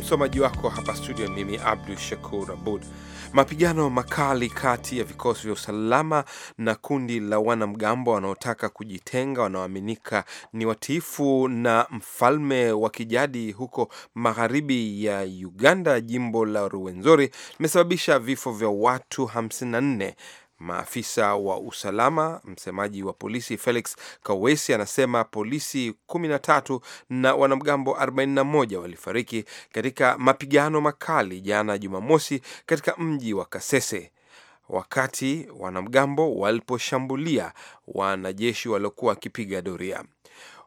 msomaji wako hapa studio, mimi Abdu Shakur Abud. Mapigano makali kati ya vikosi vya usalama na kundi la wanamgambo wanaotaka kujitenga wanaoaminika ni watiifu na mfalme wa kijadi huko magharibi ya Uganda, jimbo la Ruwenzori, limesababisha vifo vya watu 54 Maafisa wa usalama, msemaji wa polisi Felix Kawesi anasema polisi 13 na wanamgambo 41 walifariki katika mapigano makali jana Jumamosi katika mji wa Kasese wakati wanamgambo waliposhambulia wanajeshi waliokuwa wakipiga doria.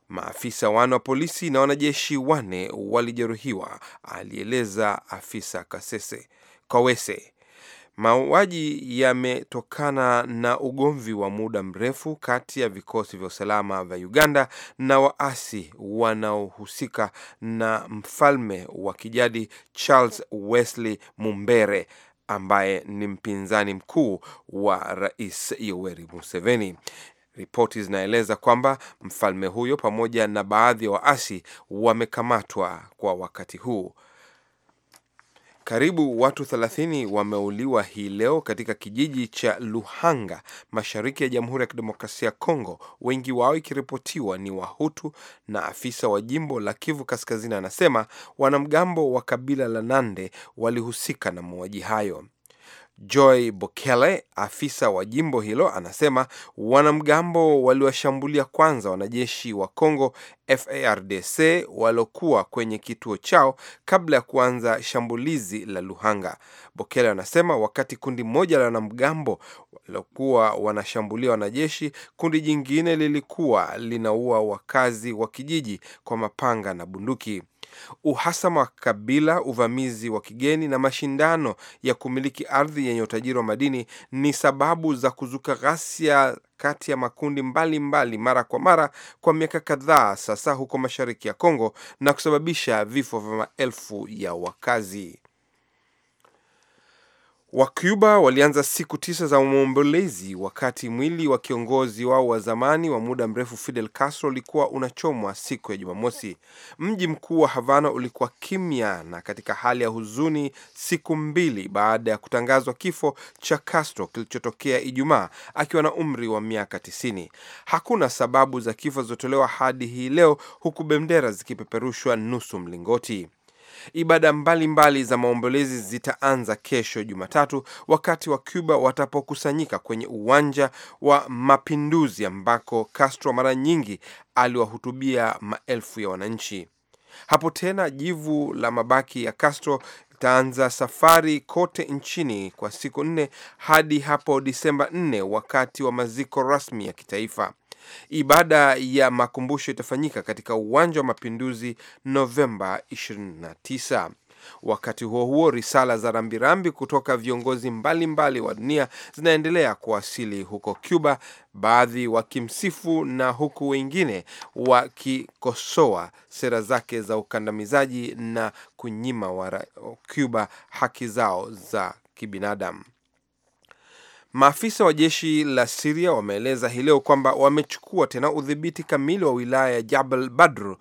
Maafisa wane wa polisi na wanajeshi wane walijeruhiwa, alieleza afisa Kasese Kawese. Mauaji yametokana na ugomvi wa muda mrefu kati ya vikosi vya usalama vya Uganda na waasi wanaohusika na mfalme wa kijadi Charles Wesley Mumbere ambaye ni mpinzani mkuu wa Rais Yoweri Museveni. Ripoti zinaeleza kwamba mfalme huyo pamoja na baadhi ya waasi wamekamatwa kwa wakati huu. Karibu watu 30 wameuliwa hii leo katika kijiji cha Luhanga mashariki ya Jamhuri ya Kidemokrasia ya Kongo, wengi wao ikiripotiwa ni Wahutu, na afisa wa jimbo la Kivu Kaskazini anasema wanamgambo wa kabila la Nande walihusika na mauaji hayo. Joy Bokele, afisa wa jimbo hilo, anasema wanamgambo waliwashambulia kwanza wanajeshi wa Congo FARDC waliokuwa kwenye kituo chao kabla ya kuanza shambulizi la Luhanga. Bokele anasema wakati kundi moja la wanamgambo waliokuwa wanashambulia wanajeshi, kundi jingine lilikuwa linaua wakazi wa kijiji kwa mapanga na bunduki uhasama wa kabila, uvamizi wa kigeni na mashindano ya kumiliki ardhi yenye utajiri wa madini ni sababu za kuzuka ghasia kati ya makundi mbalimbali mbali mara kwa mara kwa miaka kadhaa sasa huko mashariki ya Kongo na kusababisha vifo vya maelfu ya wakazi wa Cuba walianza siku tisa za maombolezi wakati mwili wa kiongozi wao wa zamani wa muda mrefu Fidel Castro ulikuwa unachomwa siku ya Jumamosi. Mji mkuu wa Havana ulikuwa kimya na katika hali ya huzuni siku mbili baada ya kutangazwa kifo cha Castro kilichotokea Ijumaa akiwa na umri wa miaka tisini. Hakuna sababu za kifo zilizotolewa hadi hii leo, huku bendera zikipeperushwa nusu mlingoti. Ibada mbalimbali mbali za maombolezi zitaanza kesho Jumatatu wakati wa Cuba watapokusanyika kwenye uwanja wa Mapinduzi ambako Castro mara nyingi aliwahutubia maelfu ya wananchi. Hapo tena jivu la mabaki ya Castro taanza safari kote nchini kwa siku nne hadi hapo Disemba nne wakati wa maziko rasmi ya kitaifa. Ibada ya makumbusho itafanyika katika uwanja wa mapinduzi Novemba 29. Wakati huo huo, risala za rambirambi kutoka viongozi mbalimbali wa dunia zinaendelea kuwasili huko Cuba, baadhi wakimsifu na huku wengine wakikosoa sera zake za ukandamizaji na kunyima wa Cuba haki zao za kibinadamu. Maafisa wa jeshi la Siria wameeleza hii leo kwamba wamechukua tena udhibiti kamili wa wilaya ya Jabal Badr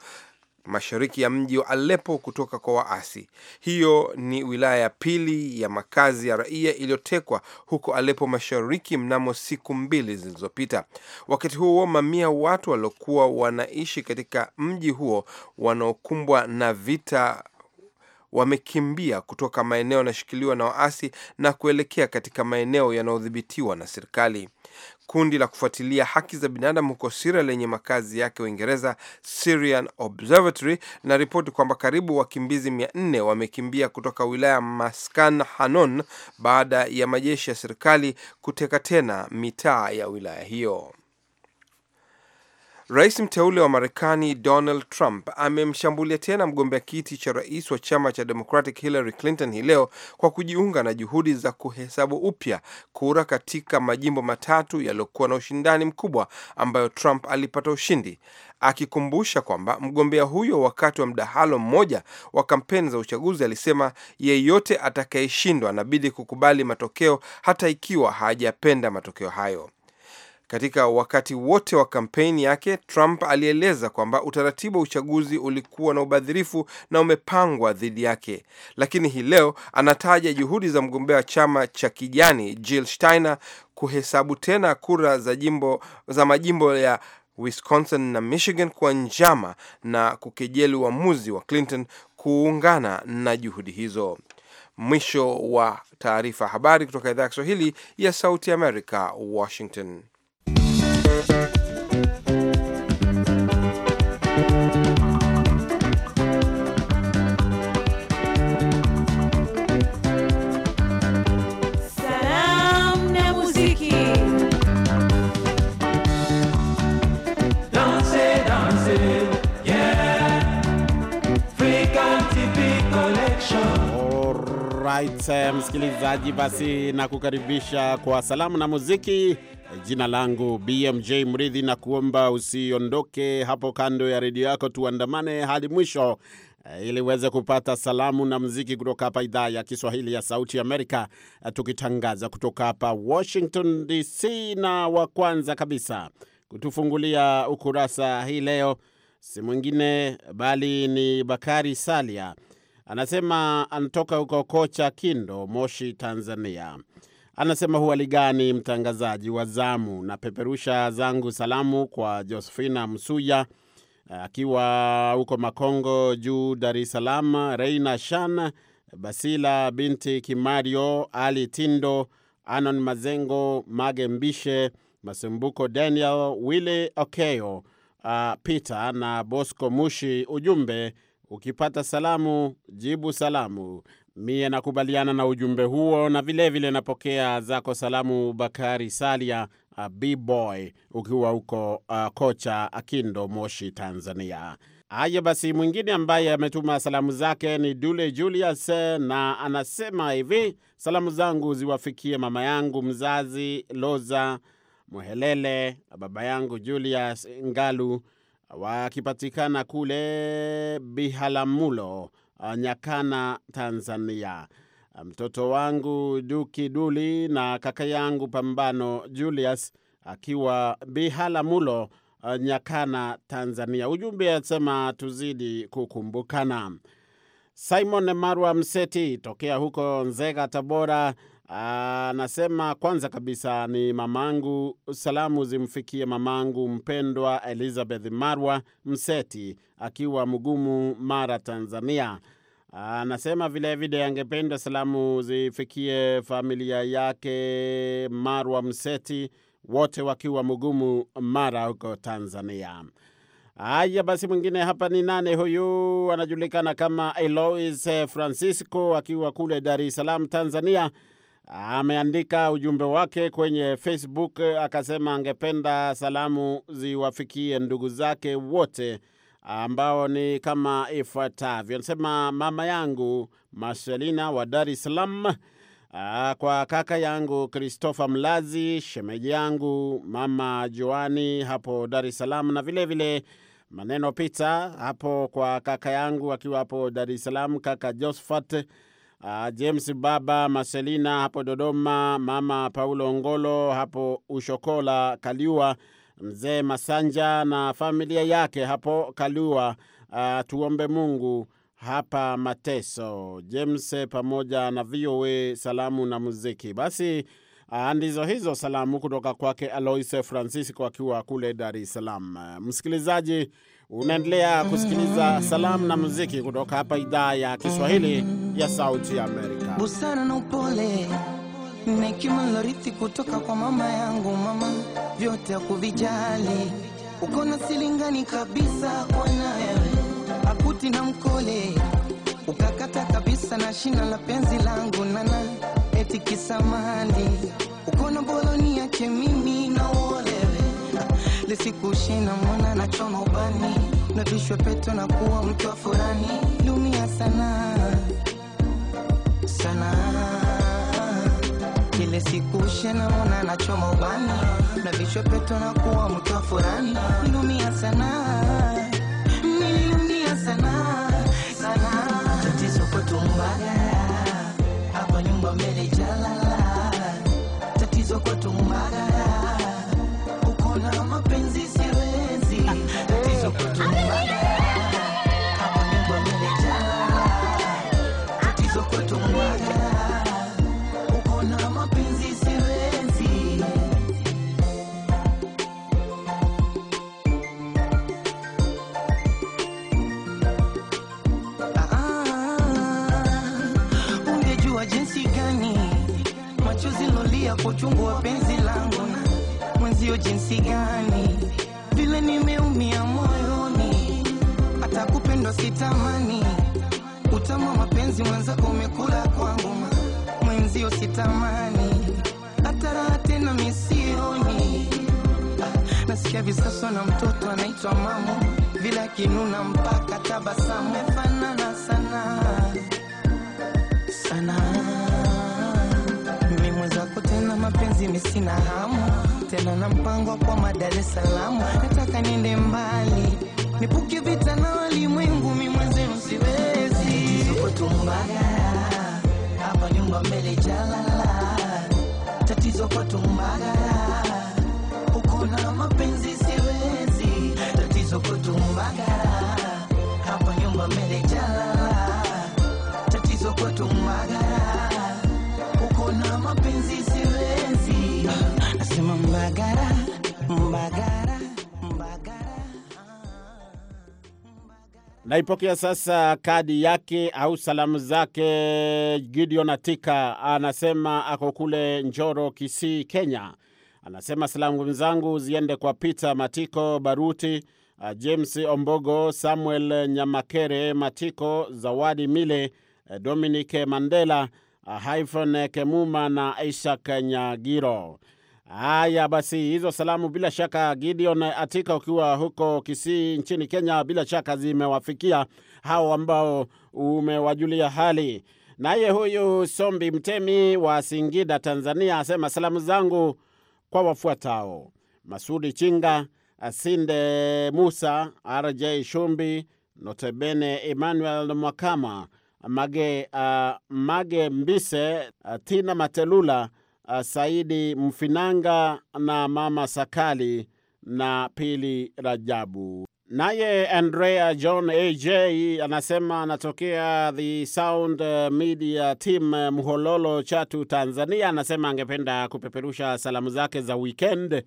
mashariki ya mji wa Aleppo kutoka kwa waasi. Hiyo ni wilaya ya pili ya makazi ya raia iliyotekwa huko Aleppo mashariki mnamo siku mbili zilizopita. Wakati huo mamia watu waliokuwa wanaishi katika mji huo wanaokumbwa na vita wamekimbia kutoka maeneo yanayoshikiliwa na waasi na kuelekea katika maeneo yanayodhibitiwa na serikali. Kundi la kufuatilia haki za binadamu huko Siria lenye makazi yake Uingereza, Syrian Observatory, linaripoti kwamba karibu wakimbizi mia nne wamekimbia kutoka wilaya Maskan Hanon baada ya majeshi ya serikali kuteka tena mitaa ya wilaya hiyo. Rais mteule wa Marekani Donald Trump amemshambulia tena mgombea kiti cha rais wa chama cha Democratic Hillary Clinton hii leo kwa kujiunga na juhudi za kuhesabu upya kura katika majimbo matatu yaliyokuwa na ushindani mkubwa ambayo Trump alipata ushindi, akikumbusha kwamba mgombea huyo wakati wa mdahalo mmoja wa kampeni za uchaguzi alisema yeyote atakayeshindwa anabidi kukubali matokeo hata ikiwa hajapenda matokeo hayo. Katika wakati wote wa kampeni yake, Trump alieleza kwamba utaratibu wa uchaguzi ulikuwa na ubadhirifu na umepangwa dhidi yake, lakini hii leo anataja juhudi za mgombea wa chama cha kijani Jill Steiner kuhesabu tena kura za jimbo za majimbo ya Wisconsin na Michigan kwa njama na kukejeli uamuzi wa Clinton kuungana na juhudi hizo. Mwisho wa taarifa. Habari kutoka idhaa ya Kiswahili ya Sauti Amerika, Washington. Alright, msikilizaji, basi nakukaribisha kwa salamu na muziki. Jina langu BMJ Mridhi, na kuomba usiondoke hapo kando ya redio yako, tuandamane hadi mwisho eh, ili uweze kupata salamu na muziki kutoka hapa idhaa ya Kiswahili ya Sauti Amerika, eh, tukitangaza kutoka hapa Washington DC. Na wa kwanza kabisa kutufungulia ukurasa hii leo si mwingine bali ni Bakari Salia Anasema anatoka huko Kocha Kindo, Moshi, Tanzania. Anasema huali gani, mtangazaji wa zamu, na peperusha zangu salamu kwa josefina Msuya akiwa huko Makongo Juu, Dar es Salaam, Reina Shan Basila binti Kimario, Ali Tindo, Anon Mazengo, Mage Mbishe, Masumbuko Daniel, Willy Okeo, uh, Peter na Bosco Mushi. Ujumbe Ukipata salamu, jibu salamu. Mie nakubaliana na ujumbe huo, na vilevile vile napokea zako salamu, Bakari Salia Bboy ukiwa huko uh, Kocha Akindo, Moshi, Tanzania. Haya basi, mwingine ambaye ametuma salamu zake ni Dule Julius na anasema hivi: salamu zangu ziwafikie mama yangu mzazi Loza mwhelele baba yangu Julius Ngalu wakipatikana kule bihalamulo uh, Nyakana, Tanzania. Uh, mtoto wangu Duki Duli na kaka yangu Pambano Julius akiwa bihalamulo uh, Nyakana, Tanzania. Ujumbe asema tuzidi kukumbukana. Simon Marwa Mseti tokea huko Nzega, Tabora Anasema ah, kwanza kabisa ni mamangu, salamu zimfikie mamangu mpendwa Elizabeth Marwa Mseti akiwa Mgumu, Mara, Tanzania. Anasema ah, vilevile angependa salamu zifikie familia yake Marwa Mseti, wote wakiwa Mgumu, Mara huko Tanzania. Haya basi, mwingine hapa ni nane. Huyu anajulikana kama Elois Francisco akiwa kule Dar es Salaam, Tanzania ameandika ujumbe wake kwenye Facebook akasema angependa salamu ziwafikie ndugu zake wote ambao ni kama ifuatavyo. Anasema mama yangu Marcelina wa Dar es Salaam, ah, kwa kaka yangu Christopher Mlazi, shemeji yangu mama Joani hapo Dar es Salaam, na vilevile vile maneno pita hapo kwa kaka yangu akiwa hapo Dar es Salaam, kaka Josphat Uh, James Baba Marcelina hapo Dodoma, Mama Paulo Ngolo hapo Ushokola Kaliwa, Mzee Masanja na familia yake hapo Kaliwa. Uh, ah, tuombe Mungu hapa Mateso. James pamoja na VOA salamu na muziki. Basi uh, ndizo hizo salamu kutoka kwake Aloise Francisco akiwa kule Dar es Salaam. Msikilizaji Unaendelea mm-hmm. kusikiliza salamu na muziki kutoka hapa idhaa ya Kiswahili ya mm-hmm. Sauti ya Amerika. Busara na upole na hekima lorithi kutoka kwa mama yangu, mama vyote akuvijali, uko na silingani kabisa kwa wewe akuti na mkole ukakata kabisa na shina la penzi langu nana eti kisamani uko na bolonia chemimi na wole lisikushinda mwana na choma ubani na na kuwa mtu wa furani lumia sana sana kile mwana na choma ubani na na kuwa mtu wa furani lumia sana nililumia sana sana tatizo kwa tumbaga hapa nyumba mbele jalala tatizo uchungu wa penzi langu na mwenzio jinsi gani, vile nimeumia moyoni, hata kupendwa sitamani. Utamu wa mapenzi mwenzako umekula kwangu, mwenzio sitamani, hata raha tena misioni. Nasikia visaswa na mtoto anaitwa mamo, vile akinuna mpaka tabasamu, mefanana sana sana mapenzi misina hamu tena na mpango kwa madar es Salaam, nataka niende mbali nipuke vita na walimwengu, msiwezi siwezi kutumbana hapa nyumba mbele jalala tatizo kwa tumbana uko na mapenzi siwezi tatizo kwa tumbana hapa nyumba mbele jalala tatizo kwa tumbana Mbagara, Mbagara, Mbagara. Naipokea sasa kadi yake au salamu zake. Gideon Atika anasema ako kule Njoro, Kisii, Kenya. Anasema salamu zangu ziende kwa Peter Matiko, Baruti uh, James Ombogo, Samuel Nyamakere, Matiko Zawadi, Mile uh, Dominic Mandela, Haifon uh, Kemuma na Isaac Nyagiro. Haya basi, hizo salamu bila shaka, Gideon Atika, ukiwa huko Kisii nchini Kenya, bila shaka zimewafikia hao ambao umewajulia hali. Naye huyu Sombi Mtemi wa Singida, Tanzania, asema salamu zangu kwa wafuatao: Masudi Chinga, Asinde Musa, RJ Shumbi, Notebene Emmanuel Mwakama, Mage, uh, Mage Mbise, uh, Tina Matelula Ah, Saidi Mfinanga na Mama Sakali na Pili Rajabu. Naye Andrea John AJ anasema anatokea The Sound Media Team, Mhololo, Chatu, Tanzania. Anasema angependa kupeperusha salamu zake za weekend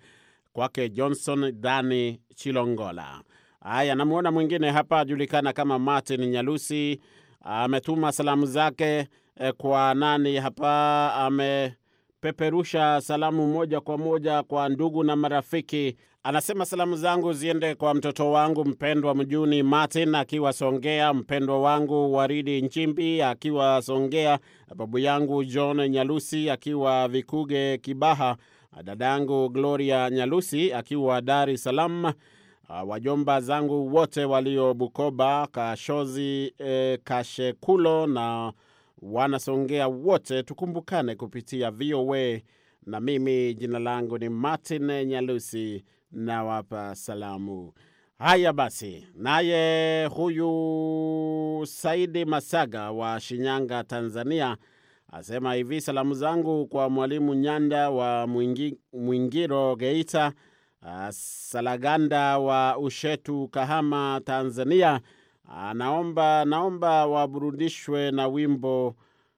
kwake Johnson Dani Chilongola. Haya, namwona mwingine hapa ajulikana kama Martin Nyalusi, ametuma salamu zake eh, kwa nani hapa ame kupeperusha salamu moja kwa moja kwa ndugu na marafiki. Anasema salamu zangu ziende kwa mtoto wangu mpendwa Mjuni Martin akiwa Songea, mpendwa wangu Waridi Nchimbi akiwa Songea, babu yangu John Nyalusi akiwa Vikuge Kibaha, dada yangu Gloria Nyalusi akiwa Dar es Salaam, ah, wajomba zangu wote walio Bukoba, Kashozi eh, Kashekulo na wanasongea wote, tukumbukane kupitia VOA na mimi jina langu ni Martin Nyalusi na wapa salamu. Haya basi, naye huyu Saidi Masaga wa Shinyanga, Tanzania asema hivi: salamu zangu kwa Mwalimu Nyanda wa Mwingi, Mwingiro Geita, Salaganda wa Ushetu Kahama, Tanzania, anaomba ah, naomba waburudishwe na wimbo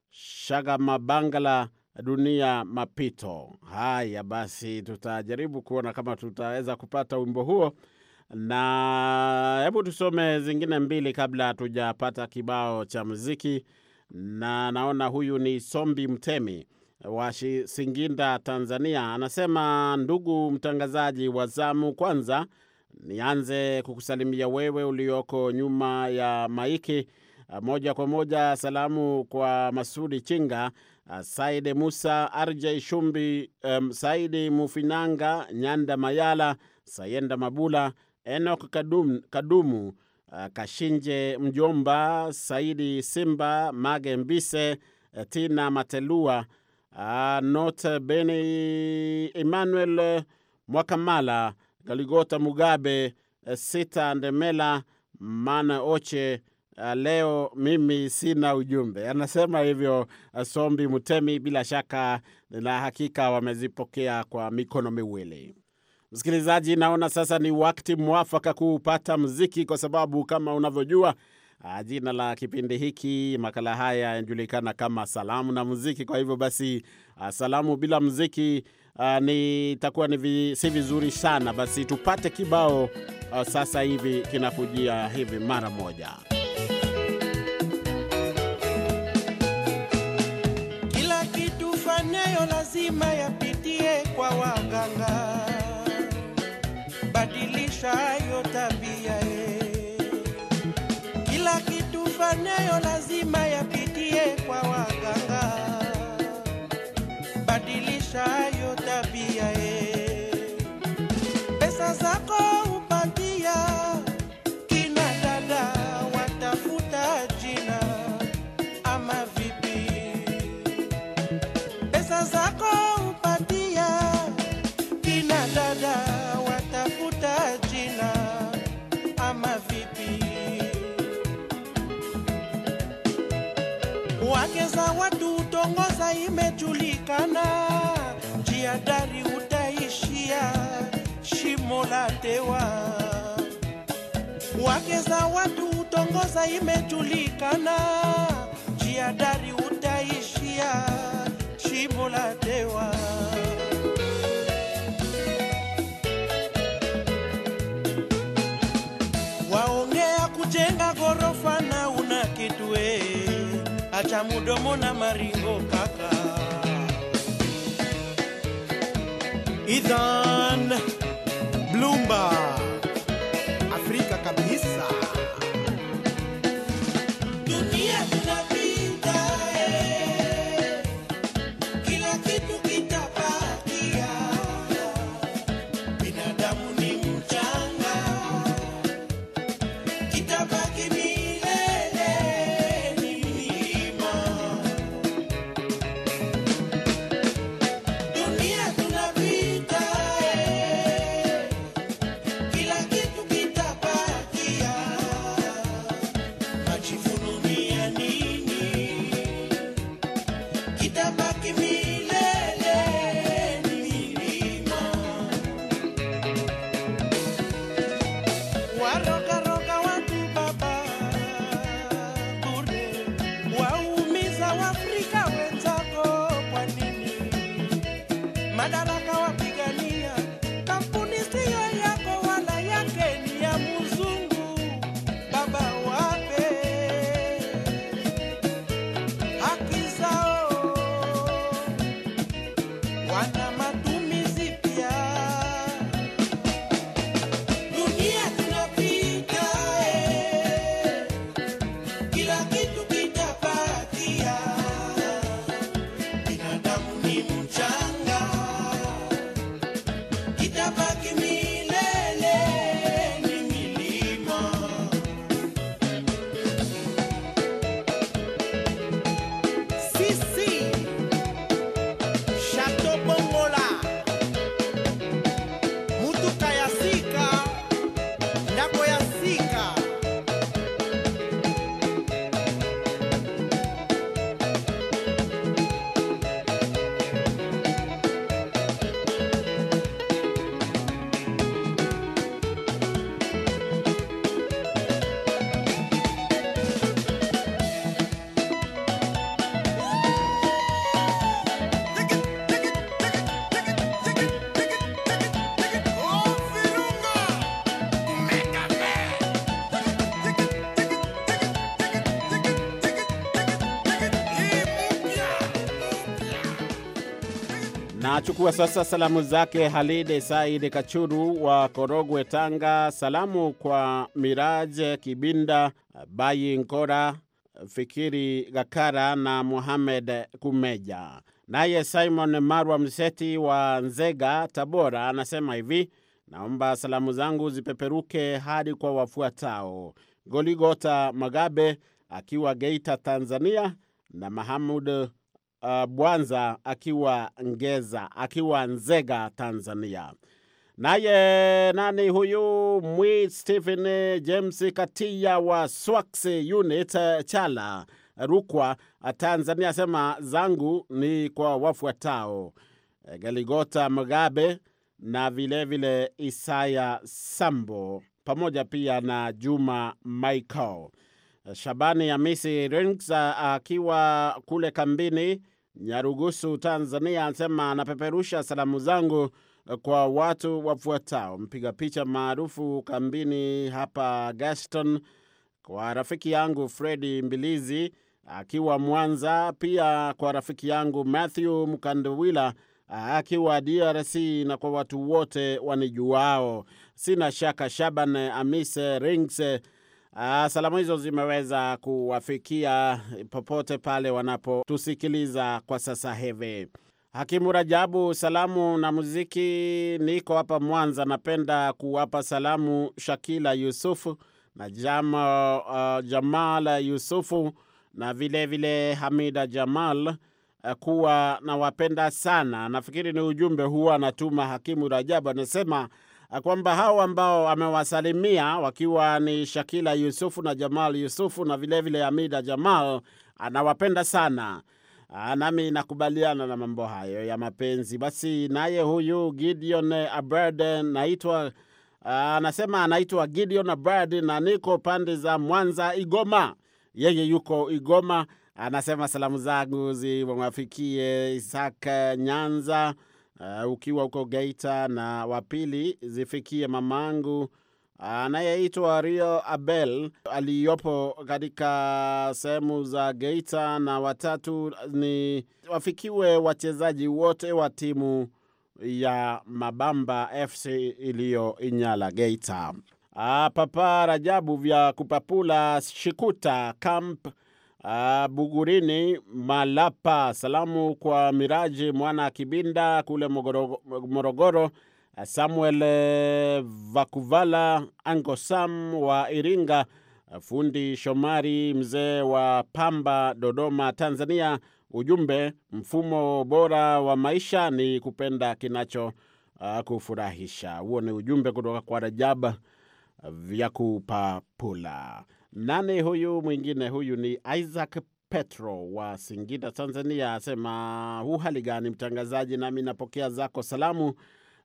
Shagamabangala dunia mapito. Haya basi, tutajaribu kuona kama tutaweza kupata wimbo huo, na hebu tusome zingine mbili kabla hatujapata kibao cha muziki. Na naona huyu ni Sombi Mtemi wa Singinda, Tanzania, anasema: ndugu mtangazaji wa zamu, kwanza nianze kukusalimia wewe ulioko nyuma ya maiki ah, moja kwa moja. Salamu kwa Masudi Chinga, ah, Saidi Musa, RJ Shumbi, um, Saidi Mufinanga, Nyanda Mayala, Sayenda Mabula, Enok Kadum, Kadumu, uh, Kashinje Mjomba, Saidi Simba, Mage Mbise, eh, Tina Matelua, uh, Not Beni, Emmanuel Mwakamala Galigota Mugabe, eh, Sita Ndemela, Mana Oche. Eh, leo mimi sina ujumbe, anasema hivyo eh, Sombi Mutemi. Bila shaka na hakika wamezipokea kwa mikono miwili. Msikilizaji, naona sasa ni wakati mwafaka kuupata mziki, kwa sababu kama unavyojua ah, jina la kipindi hiki, makala haya yanajulikana kama salamu na muziki. Kwa hivyo basi, ah, salamu bila muziki uh, ni ni si vizuri sana. Basi tupate kibao uh, sasa hivi kinakujia hivi mara moja. Kila kitu fanyayo lazima yapitie kwa waganga, badilisha yotab kana njia dari utaishia shimo la tewa. wakeza watu utongoza imejulikana, njia dari utaishia shimo la tewa. Waongea kujenga ghorofa na una kitwe, acha mudomo na maringo kaka Ethan Bloomberg. Nachukua sasa salamu zake Halide Said Kachuru wa Korogwe, Tanga. Salamu kwa Miraje Kibinda, Bayi Nkora, Fikiri Gakara na Muhamed Kumeja. Naye Simon Marwa Mseti wa Nzega, Tabora, anasema hivi: naomba salamu zangu zipeperuke hadi kwa wafuatao: Goligota Magabe akiwa Geita, Tanzania, na Mahamud uh, Bwanza akiwa Ngeza, akiwa Nzega, Tanzania. Naye nani huyu mwi Stephen James Katia wa Swax Unit Chala, Rukwa, Tanzania asema zangu ni kwa wafuatao Galigota mgabe na vilevile vile Isaya Sambo pamoja pia na Juma Michael. Shabani Hamisi Rinks akiwa kule kambini Nyarugusu, Tanzania, anasema anapeperusha salamu zangu e, kwa watu wafuatao: mpiga picha maarufu kambini hapa Gaston, kwa rafiki yangu Fredi Mbilizi akiwa Mwanza, pia kwa rafiki yangu Matthew Mkandewila akiwa DRC na kwa watu wote wanijuao. Sina shaka Shaban Amise Rings Uh, salamu hizo zimeweza kuwafikia popote pale wanapotusikiliza kwa sasa hivi. Hakimu Rajabu, salamu na muziki. Niko hapa Mwanza, napenda kuwapa salamu Shakila Yusufu na Jama, uh, Jamal Yusufu na vilevile vile Hamida Jamal uh, kuwa nawapenda sana. Nafikiri ni ujumbe huwa anatuma Hakimu Rajabu, anasema Ah, kwamba hao ambao amewasalimia wakiwa ni Shakila Yusufu na Jamal Yusufu na vilevile Amida Jamal anawapenda sana. Ah, nami nakubaliana na mambo hayo ya mapenzi. Basi naye huyu Gideon Aberde naitwa ah, anasema anaitwa Gideon Aberde na niko pande za Mwanza, Igoma. Yeye yuko Igoma, anasema salamu zangu ziwafikie Isaka Nyanza uh, ukiwa huko Geita, na wa pili zifikie mamangu eh, anayeitwa Rio Abel aliyopo katika sehemu za Geita, na watatu ni wafikiwe wachezaji wote wa timu ya Mabamba FC iliyo Inyala Geita. Ah, Papa Rajabu vya kupapula Shikuta Camp Uh, Bugurini Malapa. Salamu kwa Miraji Mwana Kibinda kule Morogoro, Samuel eh, Vakuvala Angosam wa Iringa, fundi Shomari mzee wa Pamba, Dodoma, Tanzania. Ujumbe, mfumo bora wa maisha ni kupenda kinacho uh, kufurahisha. Huo ni ujumbe kutoka kwa Rajab vya kupapula. Nani huyu mwingine? Huyu ni Isaac Petro wa Singida, Tanzania, asema hu hali gani mtangazaji, nami napokea zako salamu,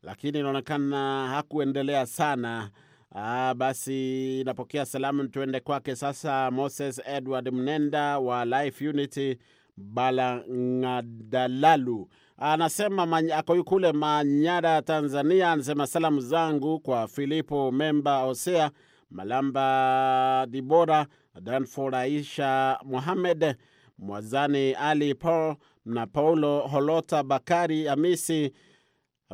lakini inaonekana hakuendelea sana. Aa, ah, basi napokea salamu, tuende kwake sasa. Moses Edward Mnenda wa Life Unity Balangadalalu anasema ako kule Manyara, Tanzania, anasema salamu zangu kwa Filipo Memba Hosea Malamba Dibora, Danford Aisha Mohamed, Mwazani Ali Paul na Paulo Holota Bakari Hamisi,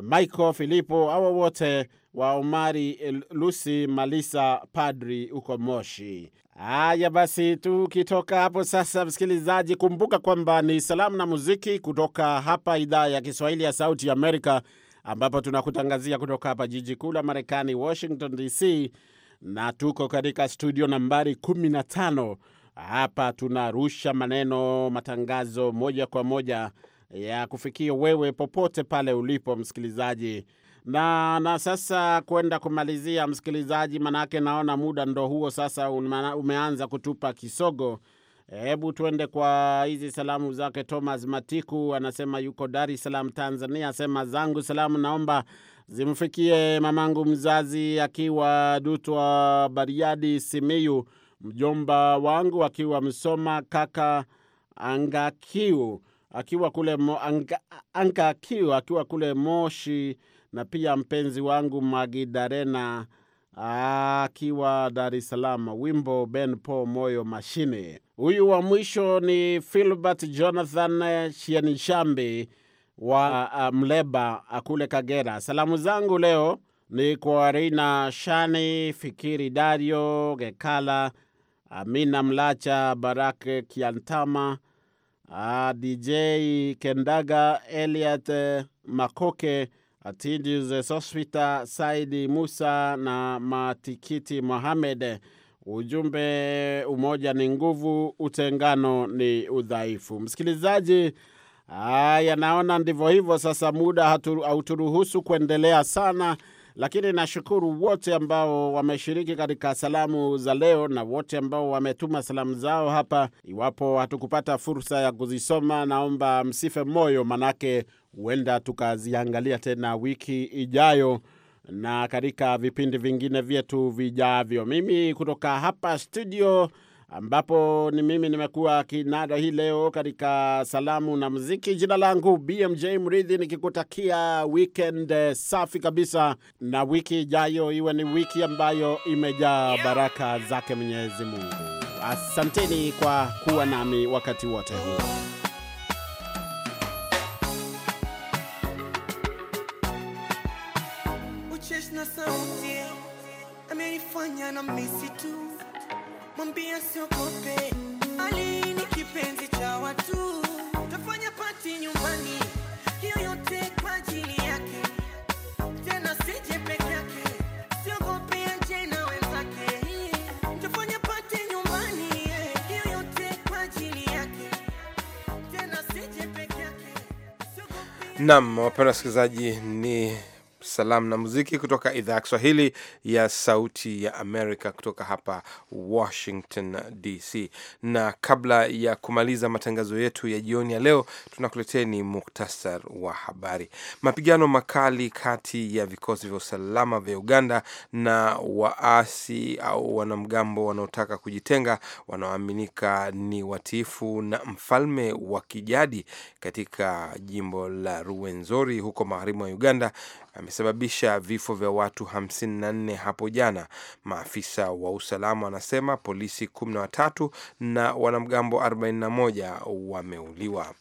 Michael Filipo, hawa wote wa Omari Lusi Malisa Padri huko Moshi. Haya basi, tukitoka hapo sasa, msikilizaji, kumbuka kwamba ni salamu na muziki kutoka hapa idhaa ya Kiswahili ya Sauti ya Amerika, ambapo tunakutangazia kutoka hapa jiji kuu la Marekani, Washington DC na tuko katika studio nambari 15 hapa tunarusha maneno matangazo moja kwa moja ya kufikia wewe popote pale ulipo msikilizaji. Na, na sasa kwenda kumalizia msikilizaji, manake naona muda ndo huo sasa umeanza kutupa kisogo. Hebu tuende kwa hizi salamu zake Thomas Matiku, anasema yuko Dar es Salaam Tanzania, asema zangu salamu, naomba zimfikie mamangu mzazi akiwa Dutwa Bariadi Simiyu, mjomba wangu akiwa Msoma, kaka Angakiu akiwa kule mo, anga, Angakiu akiwa kule Moshi, na pia mpenzi wangu Magidarena akiwa Dar es Salaam. Wimbo Ben Po moyo mashine. Huyu wa mwisho ni Filbert Jonathan Shienshambi wa uh, Mleba kule Kagera. Salamu zangu leo ni kwa Rina Shani, Fikiri Dario, Gekala, Amina Mlacha, Barake Kiantama, uh, DJ Kendaga, Eliat eh, Makoke, Atidius eh, Sospita, Saidi Musa na Matikiti Mohamed. Ujumbe, umoja ni nguvu, utengano ni udhaifu. Msikilizaji Haya, naona ndivyo hivyo. Sasa muda hauturuhusu kuendelea sana, lakini nashukuru wote ambao wameshiriki katika salamu za leo na wote ambao wametuma salamu zao hapa. Iwapo hatukupata fursa ya kuzisoma, naomba msife moyo, manake huenda tukaziangalia tena wiki ijayo na katika vipindi vingine vyetu vijavyo. Mimi kutoka hapa studio ambapo ni mimi nimekuwa kinada hii leo katika salamu na muziki. Jina langu BMJ Mridhi, nikikutakia weekend eh, safi kabisa, na wiki ijayo iwe ni wiki ambayo imejaa baraka zake Mwenyezi Mungu. Asanteni kwa kuwa nami wakati wote huo. na mwambia siogope, Ali ni kipenzi cha watu, tafanya pati nyumbani, hiyo yote kwa ajili yake, tena sije peke yake, siogope aje na wenzake, tafanya pati nyumbani, hiyo yote kwa ajili yake, tena sije peke yake. wapenda wasikilizaji ni salamu na muziki kutoka idhaa ya Kiswahili ya Sauti ya Amerika kutoka hapa Washington DC. Na kabla ya kumaliza matangazo yetu ya jioni ya leo, tunakuleteni muktasar wa habari. Mapigano makali kati ya vikosi vya usalama vya Uganda na waasi au wanamgambo wanaotaka kujitenga wanaoaminika ni watiifu na mfalme wa kijadi katika jimbo la Ruwenzori huko magharibi mwa Uganda amesababisha vifo vya watu 54 hapo jana. Maafisa wa usalama wanasema polisi 13 na wanamgambo 41 wameuliwa.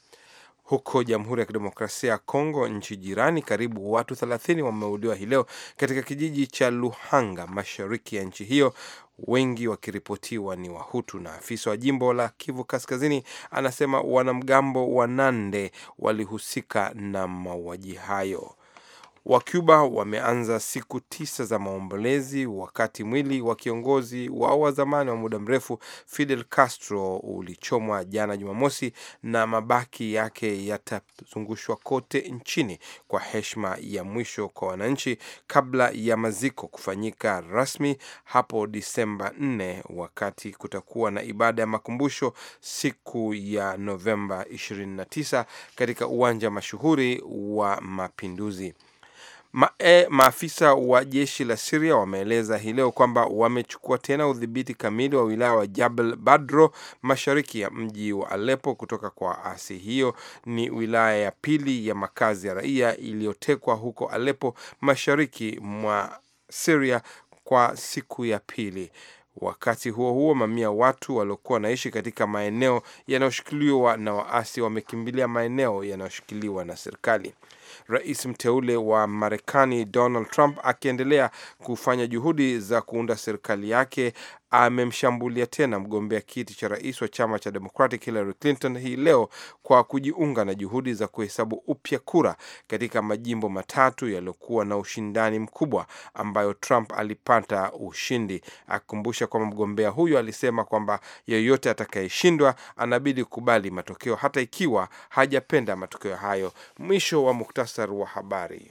Huko Jamhuri ya Kidemokrasia ya Kongo, nchi jirani, karibu watu 30 wameuliwa hii leo katika kijiji cha Luhanga, mashariki ya nchi hiyo, wengi wakiripotiwa ni Wahutu. Na afisa wa jimbo la Kivu Kaskazini anasema wanamgambo wanande walihusika na mauaji hayo wa Cuba wameanza siku tisa za maombolezi, wakati mwili wa kiongozi wao wa zamani wa muda mrefu Fidel Castro ulichomwa jana Jumamosi, na mabaki yake yatazungushwa kote nchini kwa heshima ya mwisho kwa wananchi kabla ya maziko kufanyika rasmi hapo Disemba 4, wakati kutakuwa na ibada ya makumbusho siku ya Novemba 29 katika uwanja mashuhuri wa Mapinduzi e, maafisa wa jeshi la Siria wameeleza hii leo kwamba wamechukua tena udhibiti kamili wa wilaya wa Jabal Badro mashariki ya mji wa Aleppo kutoka kwa waasi. Hiyo ni wilaya ya pili ya makazi ya raia iliyotekwa huko Aleppo mashariki mwa Siria kwa siku ya pili. Wakati huo huo, mamia watu waliokuwa wanaishi katika maeneo yanayoshikiliwa na waasi wamekimbilia maeneo yanayoshikiliwa na serikali rais mteule wa Marekani Donald Trump akiendelea kufanya juhudi za kuunda serikali yake amemshambulia tena mgombea kiti cha rais wa chama cha Democratic Hillary Clinton hii leo kwa kujiunga na juhudi za kuhesabu upya kura katika majimbo matatu yaliyokuwa na ushindani mkubwa ambayo Trump alipata ushindi, akikumbusha kwamba mgombea huyo alisema kwamba yeyote atakayeshindwa anabidi kukubali matokeo hata ikiwa hajapenda matokeo hayo. Mwisho wa muktasari wa habari.